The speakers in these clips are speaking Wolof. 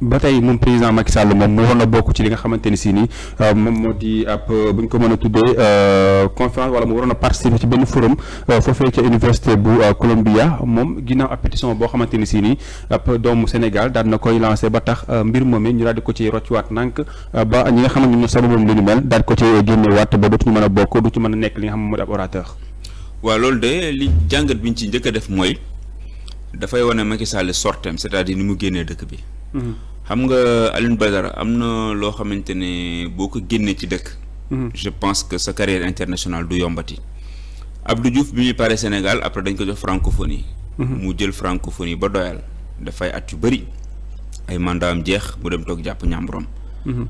ba tey moom président Macky Sall moom mu waroon a bokk ci li nga xamante ni si nii euh, moom moo di ab euh, bu ñu ko mën a tuddee euh, conférence wala mu waroon a participer ci benn forum foofee ca université bu Columbia moom ginnaaw ab pétition boo xamante ni si nii ab doomu Sénégal daal na koy lancé ba tax mbir moom ñu daal di ko ci roccuwaat nànk ba ñi nga xam ne ñoo sababoon lu ñu mel daal ko ci génnewaat ba dootuñu mën a bokk du ci mën a nekk li nga xam ne moo di ab orateur. loolu de li jàngat bi ñu ci njëkk a def mooy dafay wane Macky Sall sortem c'est-à-dire ni mu génnee dëkk bi. xam nga Alioune Badara am na loo xamante ne boo ko génnee ci dëkk. Mhm. je pense que sa carrière internationale du yombati. Abdou Diouf bi muy pare Sénégal après dañ ko jox francophonie. Mhm. mu jël francophonie ba doyal dafay at yu bëri ay mandat am jeex mu dem toog jàpp ñàmburam. Mhm.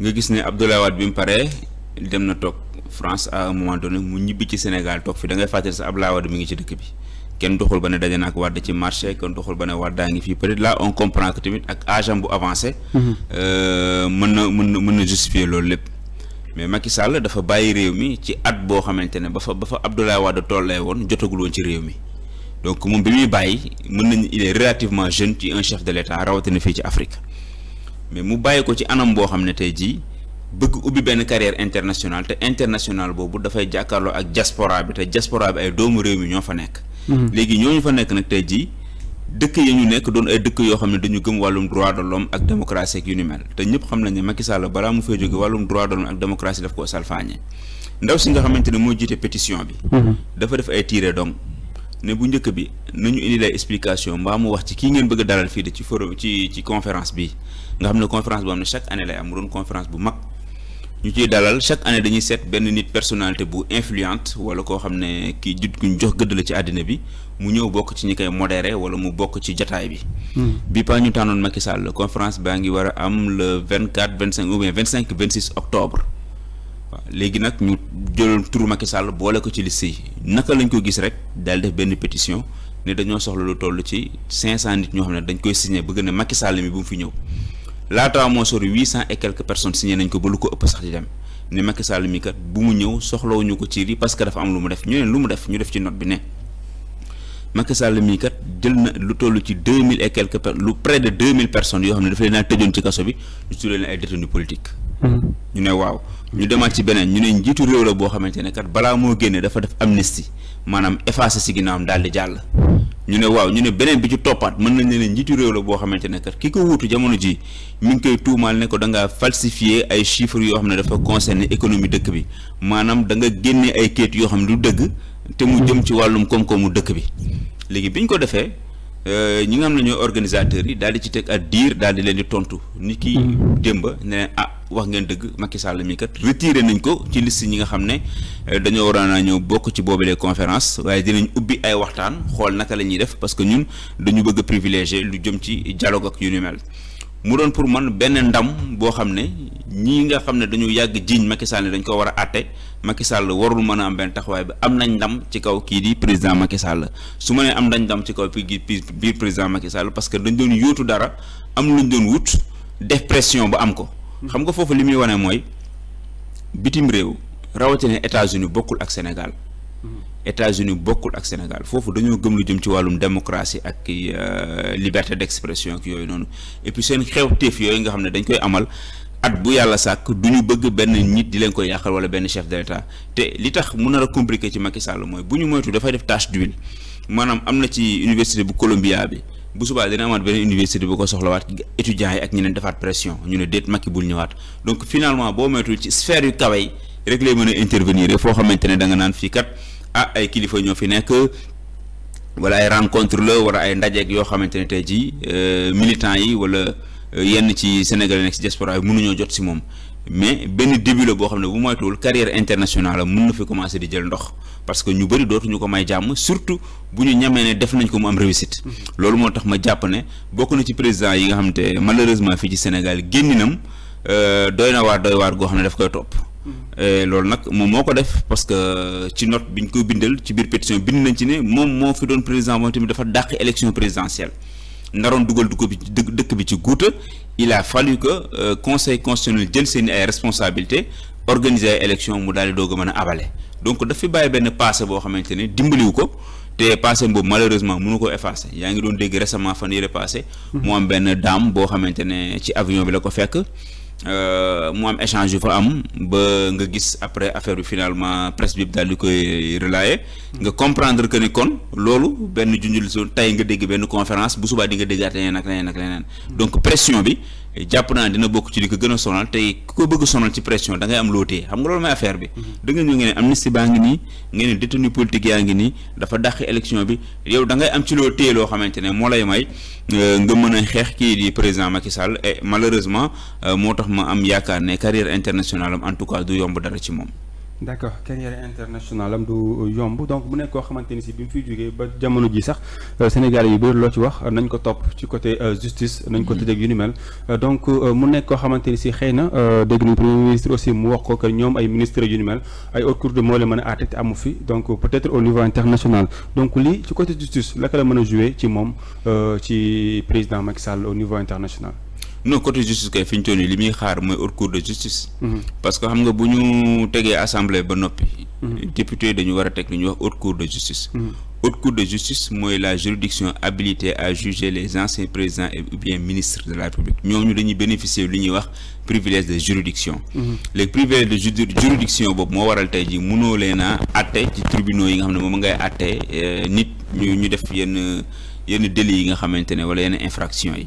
nga gis ne Abdoulaye Wade bi mu paree dem na toog France à un moment donné mu ñibbi ci Sénégal toog fi da ngay fàttali sa Abdoulaye Wade mi ngi ci dëkk bi. kenn doxul ba ne daje na ak Wade ci marché kenn doxul ba ne Wade daa ngi fii peut-être là on comprend que tamit ak agent bu avancé. Mhm. Euh, mën na mën na mën na justifier loolu lépp. mais Macky Sall dafa bàyyi réew mi ci at boo xamante ne ba fa ba fa Abdoulaye Wade tollee woon jotagul woon ci réew mi donc moom bi muy bàyyi mën nañu il est relativement jeune ci un chef de l'État rawatina fii ci Afrique mais mu bàyyi ko ci anam boo xam ne tey jii bëgg ubbi benn carrière internationale te internationale boobu dafay jàkkaarloo ak diaspora te diaspora doomu réew mi ñoo fa nekk. Mhm. léegi ñu fa nekk nag tey jii dëkk yi ñu nekk doon ay dëkk yoo xam ne dañu gëm wàllum droit de l'homme ak démocratie ak yu ni mel te ñëpp xam nañ ne Macky Sall balaa mu fee jóge wàllum droit de l'homme ak démocratie daf koo salfaañe ndaw si nga xamante ne moo jiite pétition bi mhm. dafa def ay tiré donc ne bu njëkk bi nañu indi lay explication mbaa mu wax ci kii ngeen bëgg a dalal fii de ci forum ci ci conférence bi nga xam ne conférence boo xam ne chaque année ñu ciy dalal chaque année dañuy seet benn nit personnalité bu influente wala koo xam ne kii jut kuñ jox gëdd la ci àddina bi mu ñëw bokk ci ñi koy modéré wala mu bokk ci jataay bi. Hmm. bi pa ñu tànnoon Macky Sall conférence baa ngi war a am le vingt quatre vingt cinq ou vingt cinq vingt six octobre. waaw léegi nag ñu jëloon turu Macky Sall boole ko ci liste yi naka lañ ko gis rek daal def benn pétition ne dañoo soxla lu toll ci cinq cent nit ñoo xam ne dañ koy signé bëgg ne Macky Sall mi bu fi ñëw. laataa moo sori huit cent et quelques personnes signé nañ ko ba lu ko ëpp sax di dem ne Macky Sall mi kat bu mu ñëw soxlawuñu ko ci lii parce que dafa am lu mu def ñu ne lu mu def ñu def ci note bi ne Macky Sall mii jël na lu tollu ci deux mille et quelques per lu près de deux mille personnes yoo xam ne dafa leen a tëjoon ci kaso bi su tuddee leen ay détenus politiques. Hmm. ñu ne waaw ñu demaat ci beneen ñu ne njiitu réew la boo xamante ne kat balaa moo génne dafa def amnistie maanaam effacé si ginnaawam daal di jàll. ñu ne waaw ñu ne beneen bi ci toppaat mën nañ leen njiitu réew la boo xamante ne kat ki ko wutu jamono ji mi ngi koy tuumaal ne ko da ngaa falsifier ay chiffres yoo xam ne dafa concerner économie dëkk bi maanaam danga nga génne ay kayit yoo xam ne du dëgg te mu jëm ci wàllum koom-koomu dëkk bi léegi bi ñu ko defee Euh, ñi nga xam ne ñooy organisateurs yi daal di ci teg ak diir daal di leen di tontu. ni ki mm-hmm. démba ne leen ah wax ngeen dëgg Macky Sall mi kat retiré nañ ko ci liste ñi nga xam ne euh, dañoo waroon a ñëw bokk ci boobule conférence waaye dinañ ubbi ay waxtaan xool naka la ñuy def parce que ñun dañu bëgg a lu jëm ci dialogue ak yu ni mel. mu doon pour man benn ndam boo xam ne ñii nga xam ne dañu yàgg jiiñ Macky Sall ne dañ ko war a àtte Macky Sall warul mën a am benn taxawaay bi am nañ ndam ci kaw kii di président Macky Sall su ma nee am nañ ndam ci kaw kii biir président Macky Sall parce que dañ doon yóotu dara am luñ doon wut def pression ba am ko. xam nga foofu li muy wane mooy bitim réew rawatina États-Unis bokkul ak Sénégal. États-Unis bokkul ak Sénégal foofu dañoo gëm lu jëm ci wàllum démocratie ak euh, liberté d'expression ak yooyu noonu et puis seen xewteef yooyu nga xam ne dañ koy amal at bu yàlla sàkk du ñu bëgg benn nit di leen koy yàqal wala benn chef de l'État te li tax mu nar a compliqué ci Macky Sall mooy bu ñu moytu dafay def tâche d'huile maanaam am na ci université bu Columbia bi bu subaa dina amaat beneen université bu ko soxlawaat étudiants yi ak ñeneen defaat pression ñu ne déet Macky bul ñëwaat donc finalement boo moytu ci yu kawe yi rek lay mën foo xamante ne da nga naan fii kat. ah ay kilifa ñoo fi nekk wala ay rencontre la wala ay ndajeeg yoo xamante ne tey jii euh, militants yi wala euh, yenn ci Sénégal nekk si diaspora bi mënuñoo jot si moom mais benn début la boo xam ne bu moytuwul carrière international la mun na fi commencer di jël ndox parce que ñu bëri dootuñu ko may jàmm surtout bu ñu ñamee ne def nañ ko mu am réussite. Mm-hmm. loolu moo tax ma jàpp ne bokk na ci président yi nga xam te malheureusement fii ci Sénégal génninam euh, doy na waar doy waar goo xam ne daf koy topp. Euh, loolu nag moom moo ko def parce que ci note bi ñu koy bindal ci biir pétition bind nañ ci ne moom moo fi doon président moom tamit dafa dàq élection présidentielle naroon dugal dugg bi dëkk bi ci guuta il a fallu que euh, conseil constitutionnel jël seen ay responsabilité organiser ay mu daal di doog mën a abale donc dafa bàyyi benn passé boo xamante ne dimbaliwu ko te passé boobu malheureusement munu ko effacer yaa ngi doon dégg récemment fan yële passé. mu am benn dame boo xamante ne ci avion bi la ko fekk. Euh, mu am échange yu fa am ba nga gis après affaire bi finalement presse bi daal di koy relayer nga comprendre que ni kon loolu benn junjul so tey nga dégg benn conférence bu subaa di nga déggaat leneen ak leneen ak leneen donc pression bi jàpp naa dina bokk ci li ko gën a sonal tey ku ko bëgg a sonal ci pression da ngay am lootee xam nga loolu mooy affaire bi. Mhm. da nga ñëw ngeen ne baa ngi nii ngeen ne détenu yaa ngi nii dafa dàq élection bi yow dangay am ci loo téye loo xamante ne moo lay may euh, nga mën a xeex kii di président Macky Sall et malheureusement euh, moo tax ma am yaakaar ne carrière internationale am en tout cas du yomb dara ci moom. d' accord carrière internationale am du yomb donc mu nekk koo xamante ni si bi mu fiy jógee ba jamono ji sax euh, Sénégalais yu bëri loo ci wax nañ ko topp ci côté euh, justice nañ ko mhm. tëjëk yu ni mel euh, donc mu nekk koo xamante ni si xëy na dégg nañ premier ministre aussi mu wax ko que ñoom ay ministre yu ni mel ay haute cour de moo la mën a àtte te amu fi donc peut-être au niveau international donc lii ci côté justice laka la mën a jouer ci moom ci président Macky Sall niveau international non côté justice kay fi ñu li muy xaar mooy haute cour de justice. Mhm. parce que xam nga bu ñu tegee assemblée ba noppi. Mhm. député dañu war a teg li ñu wax haute cour de justice. Mhm. haute cour de justice mooy la juridiction habilitée à juger les anciens présidents et ou bien ministre de la République ñooñu dañuy bénéficier lu ñuy wax privilège de juridiction léegi privilège de juridiction boobu moo waral tey jii mënoo leen a atte ci tribunaux yi nga xam ne moom ngay atte euh, nit ñu ñu def yenn yenn délits yi nga xamante ne wala yenn infraction yi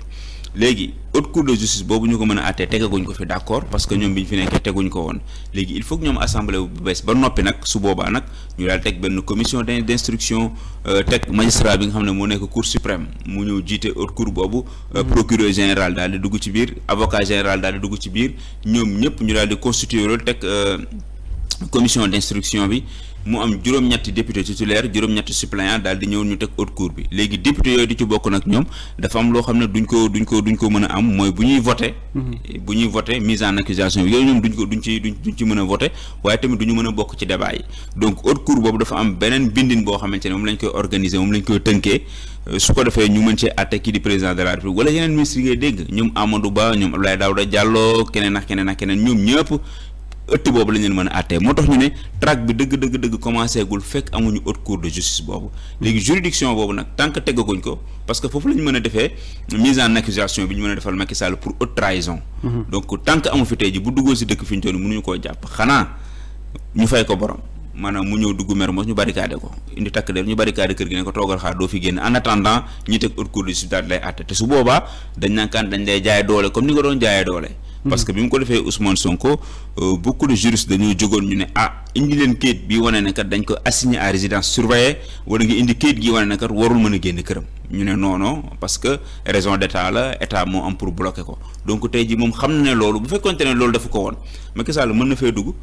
léegi haute cour de justice boobu ñu ko mën a àttee tegaguñ ko fi d'accord parce que ñoom bi ñu fi nekkee teguñ ko woon léegi il faut que ñoom assemblée bu bees ba noppi nag su boobaa nag ñu daal teg benn commission d'instruction euh, teg magistrat bi nga xam ne moo nekk cour suprême mu ñëw jiite haute cour boobu euh, mm-hmm. procureur général daal di dugg ci biir avocat général daal di dugg ci biir ñoom ñëpp ñu daal di constituer loolu teg euh, commission d'instruction bi mu am juróom-ñetti député titulaire juróom-ñetti suppléant daal di ñëw ñu teg haute cour bi léegi député yooyu di ci bokk nag ñoom dafa am loo xam ne duñ ko duñ ko duñ ko mën a am mooy bu ñuy voté mhm. bu ñuy voté mise en accusation yooyu ñoom duñ ko ci duñ duñ ci mën a voté waaye tamit mën a bokk ci débat yi donc haute cour boobu dafa am beneen bindin boo xamante ne moom lañ koy organiser moom lañ koy tënkee euh, su ko defee ñu mën cee àtte kii di président de la république wala yeneen ministre yi ngay dégg ñoom Amadou Ba ñoom Abdoulaye Daouda Diallo keneen ak keneen ak keneen ñoom ñëpp ëtt boobu lañ leen mën a àttee moo tax ñu ne traque bi dëgg dëgg dëgg commencé gul fekk amuñu haute cour de justice boobu léegi juridiction boobu nag tant que ko parce que foofu la mën a defee mise en accusation bi ñu mën a defal Macky Sall pour haute trahison mhm. donc tant que fi tey bu duggoon si dëkk fi ñu toll mënuñu koo jàpp xanaa ñu fay ko borom maanaam mu ñëw dugg Mermoz ñu barricadé ko indi takk der ñu barricadé kër gi ne ko toogal xaar doo fi génn doole parce que bi mu ko defee Ousmane Sonko euh, beaucoup de juristes dañoo jógoon ñu ne ah indi leen kayit bi wane ne kat dañ ko assigné à résidence surveillée wala nga indi kayit gi wane ne kat warul mën a génn këram ñu ne non non parce que raison d' état la état moo am pour bloquer ko donc tey ji moom xam na ne loolu bu fekkoonte ne loolu dafa ko woon Macky Sall mën na fee dugg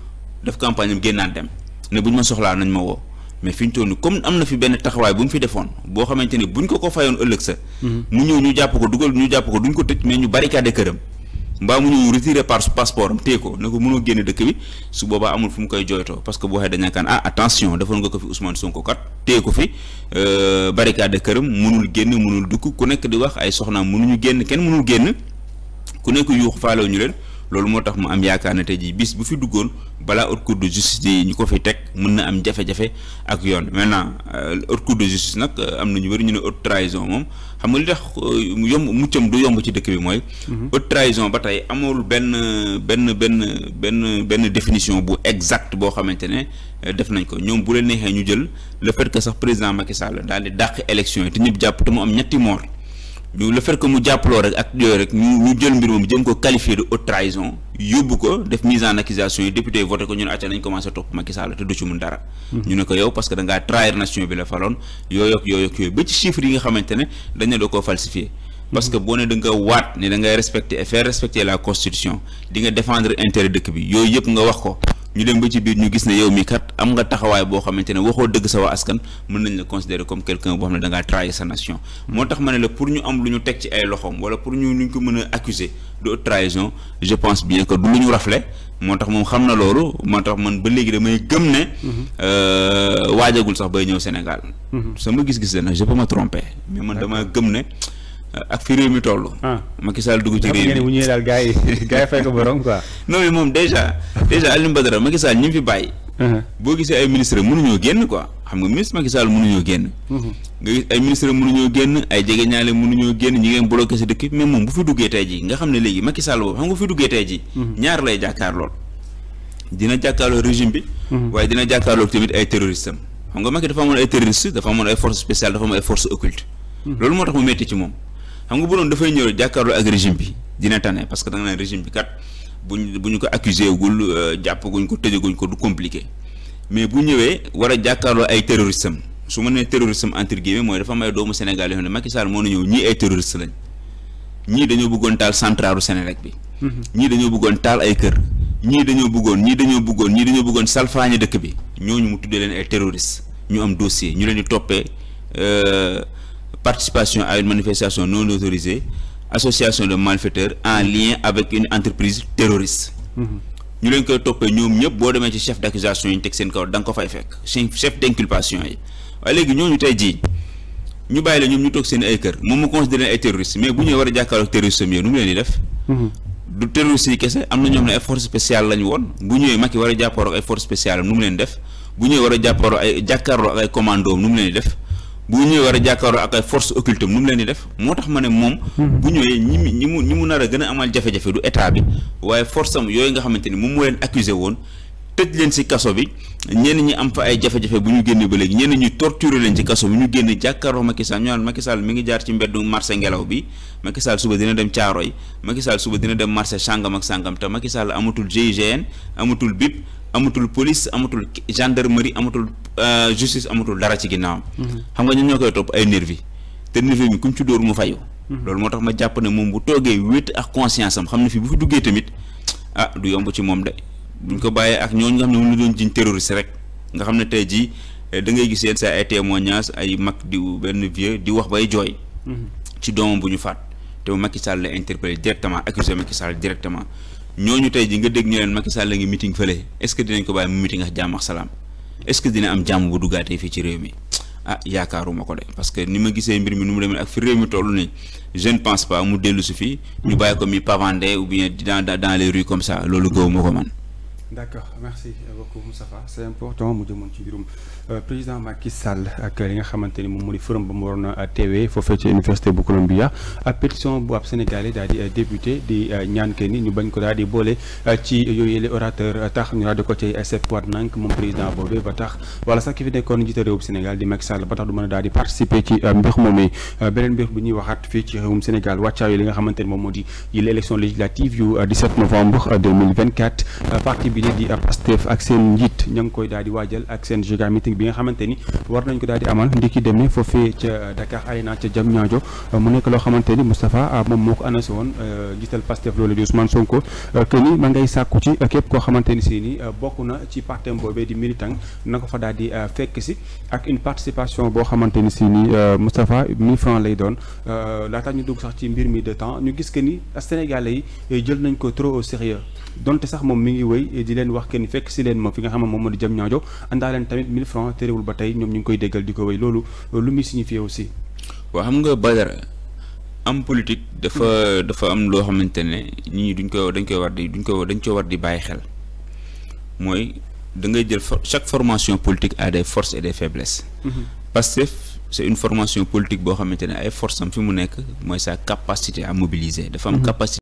def campagne am génnaat dem ne bu ñu ma soxlaa nañ ma woo mais fi ñu toll nii comme am na fi benn taxawaay bu mu fi defoon boo xamante ne buñ ko ko fayoon ëllëg sa mhm. mu ñëw ñu jàpp ko dugal ñu jàpp ko duñ ko tëj mais ñu barricade këram mbaa mu ñëw retiré passeport am téye ko ne ko mënoo génne dëkk bi su boobaa amul fu mu koy jooytoo parce que bu waxee dañu naan ah attention defoon nga ko fi Ousmane Sonko kat téye ko fi euh, barricade këram mënul génn mënul dukk ku nekk di wax ay soxnaam mënuñu génn kenn mënul génn ku nekk yuux faalewu ñu leen. loolu moo tax mu am yaakaar ne tey jii bis bu fi duggoon balaa haute cour de justice di ñu ko fi teg mun na am jafe-jafe ak yoon maintenant euh, haute cour de justice nag euh, am na ñu bëri ñu ne haute trahison moom xam nga li tax euh, yomb muccam du yomb ci dëkk bi mooy. Mhm. haute trahison ba tey amul benn benn benn benn benn définition bu exacte boo xamante ne def nañ ko ñoom bu la neexee ñu jël le fait que sax président Macky Sall daal di dàq election yi te ñëpp jàpp te mu am ñetti mort. du le fait mu jàppaloo rek ak yooyu rek ñu jël mbir moom jëm ko qualifier de haute trahison yóbbu ko def mise en accusation yi député yi voté ko ñu ne acca nañ commencé topp Macky Sall ci mun dara mm-hmm. ñu ne ko yow parce que da ngaa trahir nation bi la faloon yooyu ak yooyu ak yooyu ba ci chiffres yi nga xamante ne dañ ne doo koo falsifier mm-hmm. parce que boo ne da nga waat ne da ngay respecter et faire la constitution di nga défendre intérêt dëkk bi yooyu yëpp nga wax ko ñu dem ba ci biir ñu gis ne yow mi kat am nga taxawaay boo xamante ne waxoo dëgg sa waa askan mën nañ la considérer comme quelqu'un boo xam ne da ngaa sa nation moo tax ma ne la pour ñu am lu ñu teg ci ay loxoom wala pour ñu lu ñu ko mën a accuser de haute trahison je pense bien que du lu ñu rafle moo tax moom xam na loolu moo tax man ba léegi damay gëm ne euh, waajagul sax bay ñëw Sénégal mm-hmm. sama gis-gis la nag je peux ma tromper mais man dama gëm ne ak fi réew mi toll. Ah. Macky Sall dugg ci réew mi bu moom déjà déjà Alioune Badara Macky Sall ñi fi bàyyi. Uh-huh. boo gisee ay ministre mënuñoo génn quoi xam nga ministre Macky Sall mënuñoo génn. Uh-huh. nga gis ay ministre mënuñoo génn ay jegeñaale mënuñoo génn ñi ngeen bloqué si dëkk mais moom bu fi duggee tey jii nga ne léegi Macky Sall boobu xam nga bu fi duggee tey jii. Uh-huh. ñaar lay jàkkaar lool dina jàkkaarloo régime bi. waaye dina jàkkaarloo tamit ay terroristes am xam nga Macky dafa amoon ay terroristes dafa amoon ay forces spéciales loolu moo tax mu métti ci moom xam nga bu doon dafay ñëw jàkkaarloo ak régime bi dina tane parce que da régime bi kat buñ bu ñu ko accusé wul euh, jàpp guñ ko tëjaguñ ko du compliqué mais bu ñëwee war a jàkkaarloo ay terroriste su ma nee terroriste am entre guillemets mooy dafa am doomu Sénégal yoo xam ne Macky Sall moo na ñëw ñii ay terroriste lañ ñii dañoo bëggoon taal centralu Sénélec bi mm-hmm. ñii dañoo bëggoon taal ay kër ñii dañoo bëggoon ñii dañoo bëggoon ñii dañoo bëggoon salfaañe dëkk bi ñooñu mu tuddee leen ay terroriste ñu am dossier ñu leen di toppee euh, participation à une manifestation non autorisée association de malfaiteurs en lien avec une entreprise terroriste ñu leen koy toppee ñoom ñëpp boo demee ci chef d'accusation yi ñu teg seen kaw da ko fay fekk chef d'inculpation yi waaye léegi ñooñu tey jii ñu bàyyi la ñoom ñu toog seen ay kër moom mu considéré ay terroristes mais bu ñu war a jàkkaarloog terroriste yooyu nu am na ñoom ne ay force spéciale lañu woon bu ñëwee Macky war a jàppaaroo ay force spéciale nu mu leen def bu ñëwee war a jàppaaroo ay jàkkaarloo ak ay commando am nu mu leen di def bu ñuy war a jàkkaarloo ak ay force occulte nu mu leen di def moo tax ma ne moom. Hmm. bu ñëwee ñi mu ñi mu ñi mu nar a gën a amal jafe-jafe du état bi waaye force am yooyu nga xamante ni moom mooy leen accusé woon tëj leen ci kaso bi ñenn ñi am fa ay jafe-jafe bu ñu génnee ba léegi ñenn ñi torturer leen ci kaso bi ñu génne jàkkaarloo Macky Sall ñu naan Macky mi ngi jaar ci mbeddu marché ngelaw bi Macky suba dina dem Thiaroye Macky Sall suba dina dem marché sàngam ak sàngam te Macky Sall amatul GIGN amatul BIP. amatul police amatul gendarmerie amatul euh, justice amatul dara ci ginnaawam. xam nga ñun ñoo koy topp ay nervi te nervi mi ku ci dóor mu fay loolu moo tax ma jàpp ne moom bu toogee wéet ak conscience am xam ne fii bu fi duggee tamit ah du yomb ci moom de buñ ko bàyyee ak ñooñu nga xam ne moom la doon jiñ terroriste rek nga xam ne tey jii eh, da ngay gis yenn saa ay témoignages ay mag di benn vieux di wax bay jooy. Mhm. ci doomam bu ñu faat te Macky Sall la interpellé directement accusé Macky Sall directement. ñooñu tey ji nga dégg ñu leen Macky Sall la ngi meeting fële est-ce que dinañ ko bàyyi mu meeting ak jàmm ak salaam est-ce que dina am jàmm bu duggaatee fii ci réew mi ah yaakaaruma ko de parce que ni ma gisee mbir mi nu mu demee ak fi réew mi toll nii je ne pense pas mu dellu si fii. ñu bàyyi ko mi pavander ou bien dans dans les rues comme ça loolu gëw ma ko man. d'accord merci beaucoup Moustapha c'est important mu jëmoon ci mbirum. Euh, président Macky Sall ak li nga xamante ni moom moo di forum ba mu waroon a teewee foofee ci université bu Columbia ab euh, pétition bu ab sénégalais daal di euh, débuté di ñaan ke ni ñu bañ ko daal boole ci yooyu les orateur tax ñu daal ko ci sepp waat nank moom président boobee ba tax wala sax ki fi nekkoon njiite réewum Sénégal di Macky Sall ba tax du mën a daal di participer ci mbir moomee beneen mbir bu ñuy waxaat fii ci réewum Sénégal wàccaayu li nga xamante moo di yi élection bi nga xamante ni war nañ ko daal di amal ndiki demee foofee ca Dakar Arena ca Diamniadio mu nekk loo xamante ni Moustapha ah, moom moo ko annoncé woon euh, gisal Pastef loolu di Ousmane Sonko euh, que ni ma ngay sàkku ci képp koo xamante ni si ni euh, bokk na ci partem boobee di militant na ko fa daal di fekk si ak une participation boo xamante ni si ni Moustapha 1000 francs lay doon laata ñu dugg sax ci mbir mi de temps ñu gis que ni Sénégalais yi jël nañ ko trop au sérieux donte sax moom mi ngi wéy di leen wax kenn fekk si leen ma fi nga xam moom moo di jam ñaajo àndaa leen tamit 1000 francs terewul ba tey ñoom ñu ngi koy déggal di ko wéy loolu lu muy signifié aussi waaw xam nga Badara am politique dafa dafa am loo xamante ne nit ñi duñ ko dañ koy war di duñ ko dañ ko war di bàyyi xel mooy da ngay jël chaque formation politique a des forces et des faiblesses mhm. Pastef c'est une formation politique boo xamante ne ay force am fi mu nekk mooy sa capacité à mobiliser dafa